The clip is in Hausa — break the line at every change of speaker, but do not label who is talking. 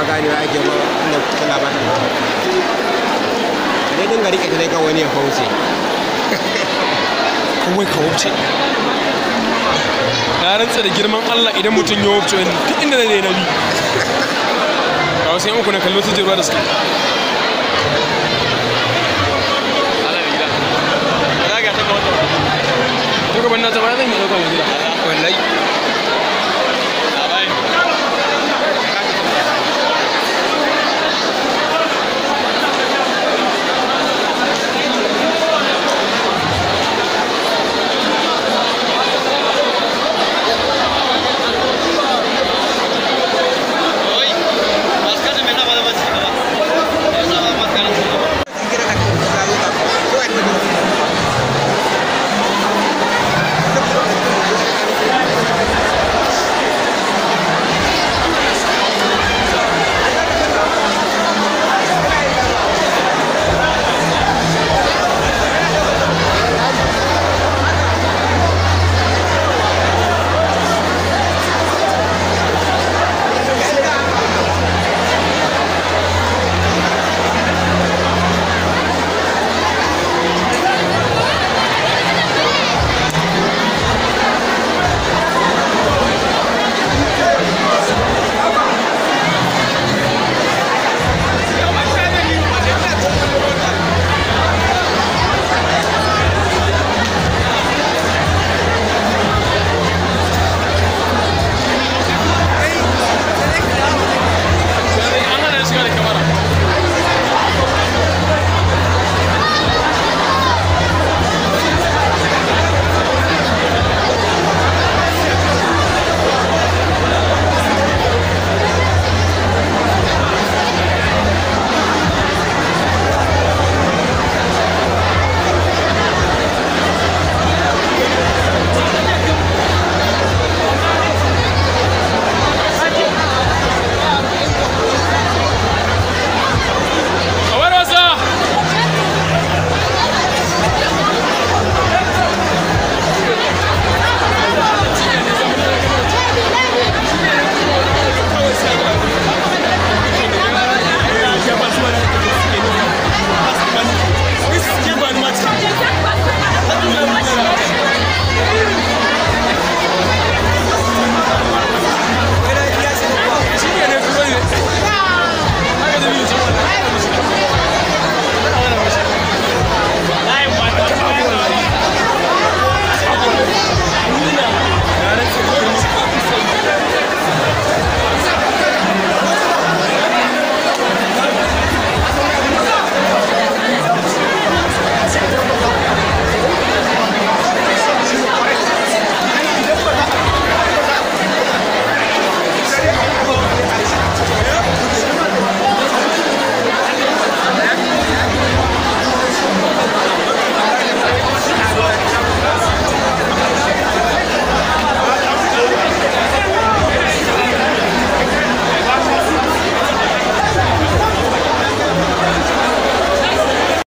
ma ba ake ba inda kuka labarin ba ne dinga rike ta kan wani ya fauce kawai ka
ya rantsa da girman Allah idan mutum ya wuce wani duk inda zai na bi ga wasu yan uku na kallon su jeruwa da suka